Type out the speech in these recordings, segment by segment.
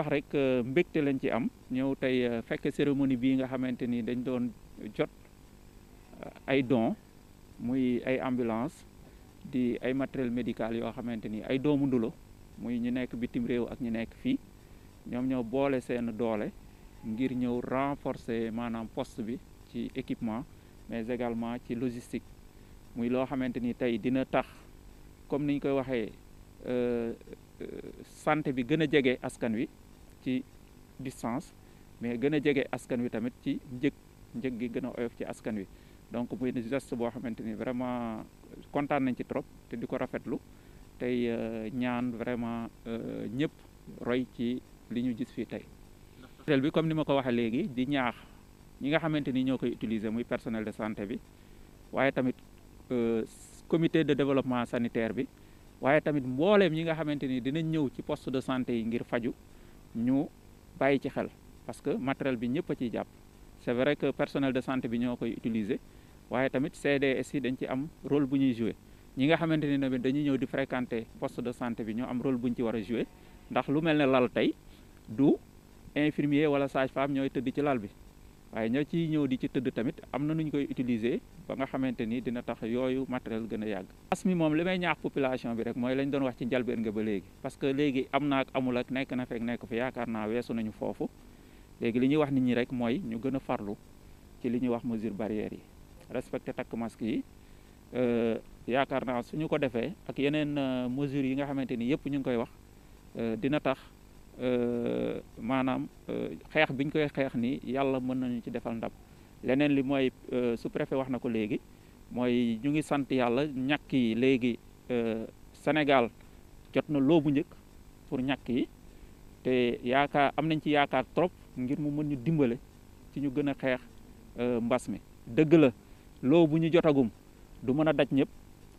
wax rek euh, mbégte lañ ci am ñëw tey euh, fekk cérémonie bii nga xamante ni dañ doon jot euh, ay dons muy ay ambulance di ay matériel médical yoo xamante ni ay doomu ndulo muy ñu nekk bitim réew ak ñu nekk fii ñoom ñoo boole seen doole ngir ñëw renforcer maanaam post bi ci équipement mais également ci logistique muy loo xamante ni tey dina tax comme niñ koy waxee santé bi gën a jege askan wi ci distance mais gën a jege askan wi tamit ci njëg njëg gi gën a oyof ci askan wi donc muy ne geste boo xamante ni vraiment kontaan nañ ci trop te di ko rafetlu tey euh, ñaan vraiment euh, ñëpp roy ci li ñu gis fii tey hôtel bi comme ni ma ko waxee léegi di ñaax ñi nga xamante ni ñoo koy utiliser muy personnel de santé bi waaye tamit euh, comité de développement sanitaire bi waaye tamit mbooleem ñi nga xamante ni dinañ ñëw ci post de santé yi ngir faju ñu bàyyi ci xel parce que matériel bi ñëpp a ciy jàpp c'est vrai que personnel de santé bi ñoo koy utiliser waaye tamit CDS yi dañ ci am rôle bu ñuy jouer ñi nga xamante ni tamit dañuy ñëw di fréquenter poste de santé bi ñoo am rôle buñ ñu ci war a jouer ndax lu mel ne lal tey du infirmier wala sage-femme ñooy tëdd ci lal bi waaye ñoo ciy ñëw di ci tëdd tamit am na nu ñu koy utiliser ba nga xamante ni dina tax yooyu matériel gën a yàgg. as moom li may ñaax population bi rek mooy lañ doon wax ci njalbeen nga ba léegi parce que léegi am naa amul ak nekk na fekk nekk fa yaakaar naa weesu nañu foofu léegi li ñuy wax nit ñi rek mooy ñu gën a farlu ci li ñuy wax mesure barrière yi respecté takk masque yi euh, yaakaar naa ñu ko defee ak yeneen euh, mesures yi nga xamante ni yëpp ñu ngi koy wax euh, dina tax. Euh, maanaam euh, xeex biñ koy xeex nii yàlla mën nañu ci defal ndab leneen li mooy euh, sous-préfet wax na ko léegi mooy ñu ngi sant yàlla ñàkk yi léegi Sénégal jot na loobu bu njëkk pour ñàkk yi te yaakaar am nañ ci yaakaar trop ngir mu mën ñu dimbale ci ñu gën a xeex mbas mi dëgg la loo bu ñu jotagum du mën a daj ñëpp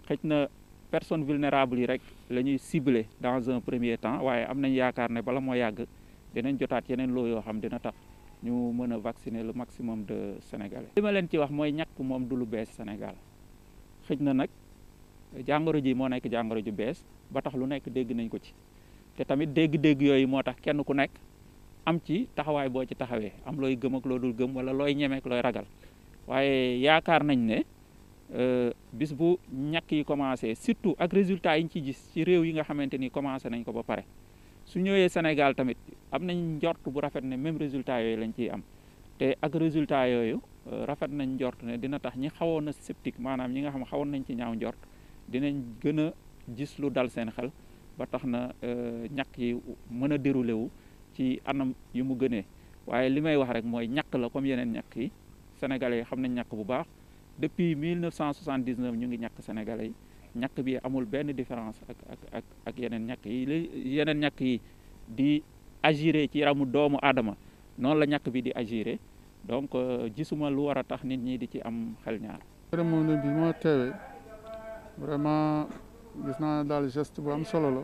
xëj na personnes vulnérables yi rek lañuy ñuy cibler dans un premier temps waaye am nañ yaakaar ne bala moo yàgg dinañ jotaat yeneen loo yoo xam dina tax ñu mën a vacciner lu maximum de sénégalais. li ma leen ci wax mooy ñàkk moom du lu bees Sénégal xëj na nag jàngoro ji moo nekk jàngoro ju bees ba tax lu nekk dégg nañ ko ci te tamit dégg-dégg yooyu moo tax kenn ku nekk am ci taxawaay boo ci taxawee am looy gëm loo dul gëm wala looy ñemeek looy ragal waaye yaakaar ne. Euh, bis bu ñàkk yi commencé surtout ak résultat yi ñu ci gis ci réew yi nga xamante ni commencé nañ ko ba pare su ñëwee Sénégal tamit am nañ njort bu rafet ne même résultat yooyu lañ ciy am te ak résultat yooyu euh, rafet nañ njort ne dina tax ñi xawoon na sceptique maanaam ñi nga xam xawoon nañ ci ñaaw njort dinañ gën a gis lu dal seen xel ba tax na euh, ñàkk yi mën a déroulé wu ci anam yi mu gënee waaye li may wax rek mooy ñàkk la comme yeneen ñàkk yi sénégalais yi xam nañ ñàkk bu baax depuis 1979 ñu ngi ñàkk sénégalais yi ñàkk bi amul benn différence ak ak ak ak yeneen ñàkk yi li yeneen ñàkk yi di agire ci yaramu doomu aadama noonu la ñàkk bi di agiré donc euh, gisuma lu war a tax nit ñi di ci am xel ñaar. cérémonie bi moo teewee vraiment gis naa daal geste bu am solo la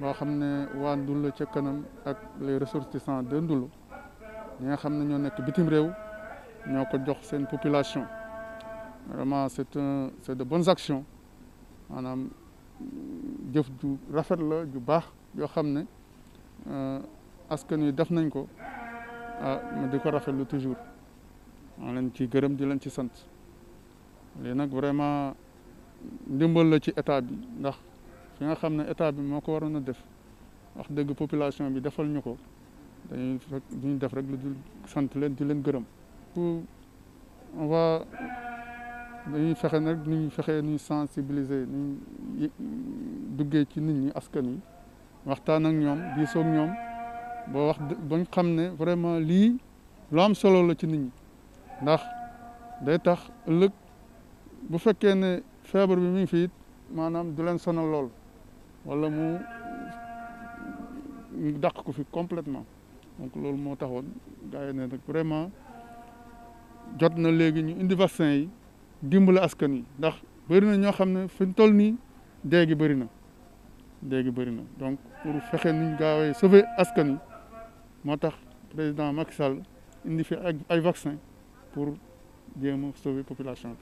boo xam ne waa Ndoulo ca kanam ak les ressortissants de Ndoulo ñi nga xam ne ñoo nekk bitim réew ñoo ko jox seen population. vraiment c' est un c' est de bonnes actions maanaam jëf ju rafet la ju baax yoo xam ne euh, askan wi def nañ ko ah ma di ko rafet rafetlu toujours maa leen ci gërëm di leen ci sant lii nag vraiment ndimbal la ci état ndax fi nga xam ne état bi moo ko waroon a def wax dëgg population bi defal ñu ko dañuy def rek la dul sant leen di leen gërëm. on va dañuy fexe nag nu ñu fexee nu ñu sensibiliser nu ñu duggee ci nit ñi askan yi waxtaan ak ñoom bii ak ñoom boo wax bañ xam ne vraiment lii lu am solo la ci nit ñi ndax day tax ëllëg bu fekkee ne feebar bi mi ngi fi maanaam du leen sonal lool wala mu dàq ko fi completement donc loolu moo taxoon gars ne nag vraiment jot na léegi ñu indi vaccin yi. dimbala askan yi ndax bëri na ñoo xam ne fi ñu toll nii dee gi bëri na dee bëri na donc pour fexe nuñ gaawee sauver askan yi moo tax président Macky Sall indi fi ay vaccin pour jéem a sauver population bi